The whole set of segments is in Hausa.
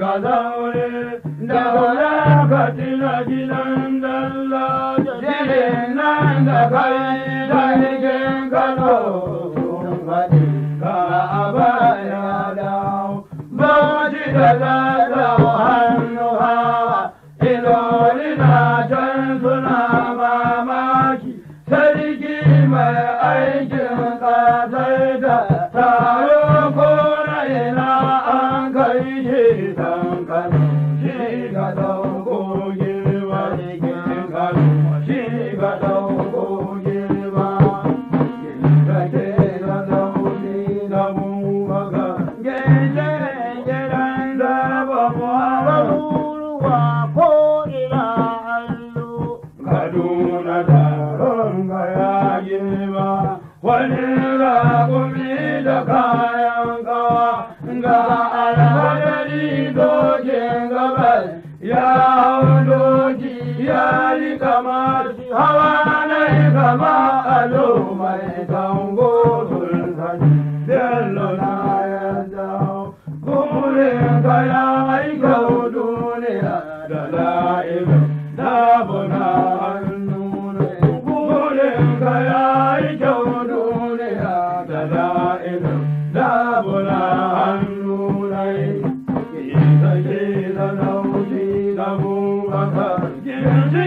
ga zaure daura ka gidan da kai ga da go kama hawa na kama alo mai zango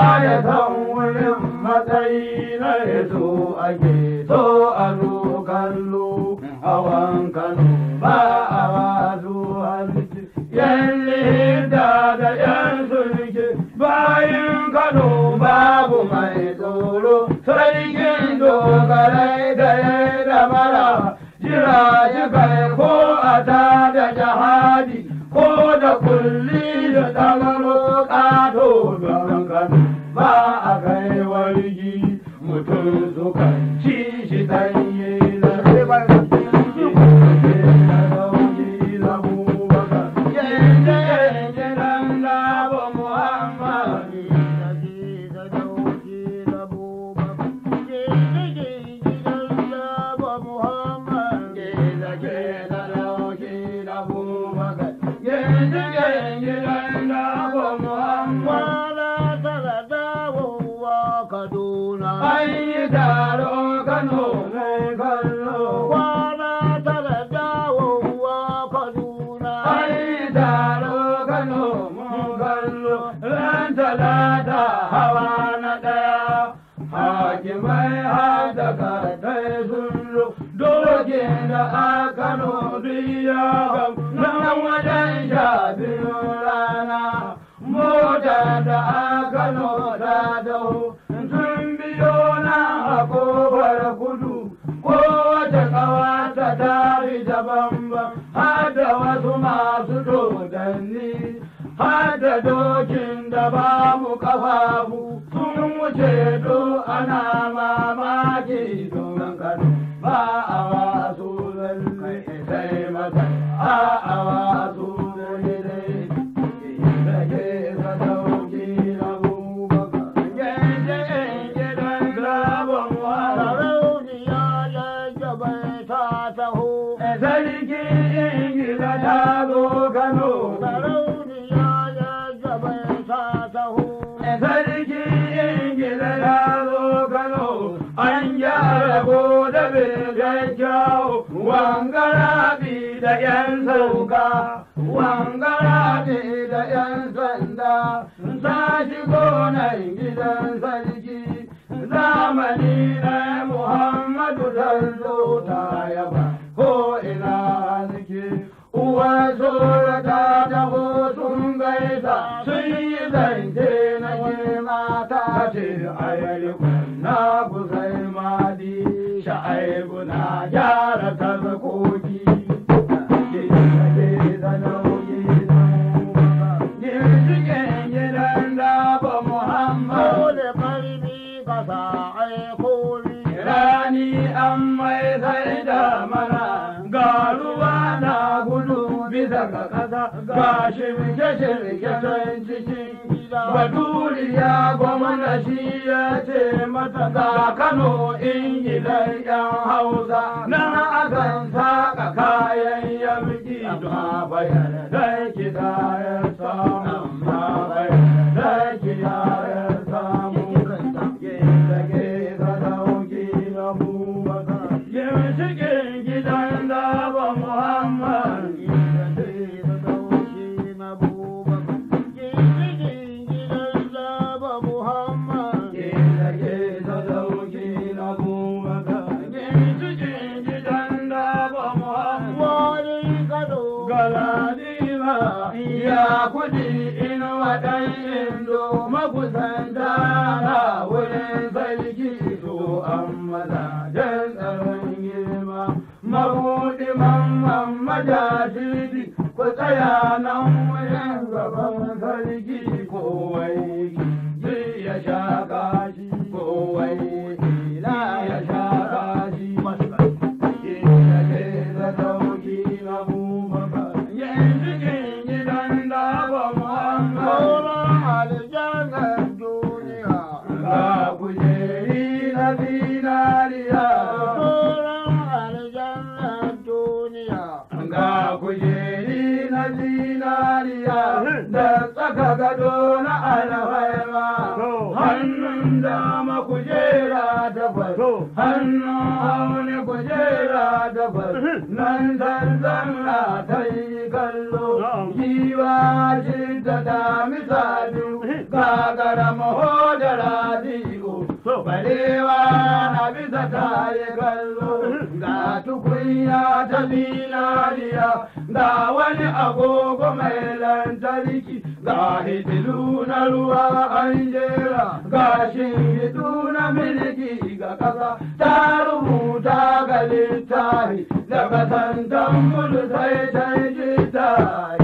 ya san wurin matsayi na yato ake so a kallo hawan kano ba a wasu hanci yan lida da yan sulke bayan kano babu mai tsoro sarkin dogarai da ya da mara jira jikai ko a ta da jihadi ko da kulli da dama 我抬头看，星星在。Kano ne kallo. Kwana tara dawowa Kaduna. Ai taro mun mu kallo. Ran talata hawa na ɗaya. Hakimai har daga ɗaya sun doke da da babu kafafu sun wuce do ana mamaki sun kano ba a wasu zai sai mata a a wasu zai dai rage sadauki ya ta taho ta zo kano da 'yan sauka wangara ne da 'yan sanda za shi gonar gidan sarki zamani na muhammadu zan zo ta yaba daga ƙasa ga shirke-shirke can ya shi ya ce mata kano ingilan yan hausa na akan saka kayan yamki don bayan kisa inuwa ɗan indo makusanta na wurin sarki to an mazajen tsaron girma mabuɗi mamman majajiri ku tsaya nan wurin gaban sarki kowai aljanar duniya ga kujeri na zinariya sauran duniya ga kujeri na zinariya da tsaka gado na alhaima hannun dama kujera dabar hannun hauni kujera dabar yi kallo giwa shi da dami sami sagara maho da radiyo Balewa na bisa ta kallo ga tukunya ta zinariya ga wani agogo mai lantarki ga hitilu na ruwa an jera ga shidu na miliki ga kasa ta rubuta ga littafi daga sandan mulu sai canji tari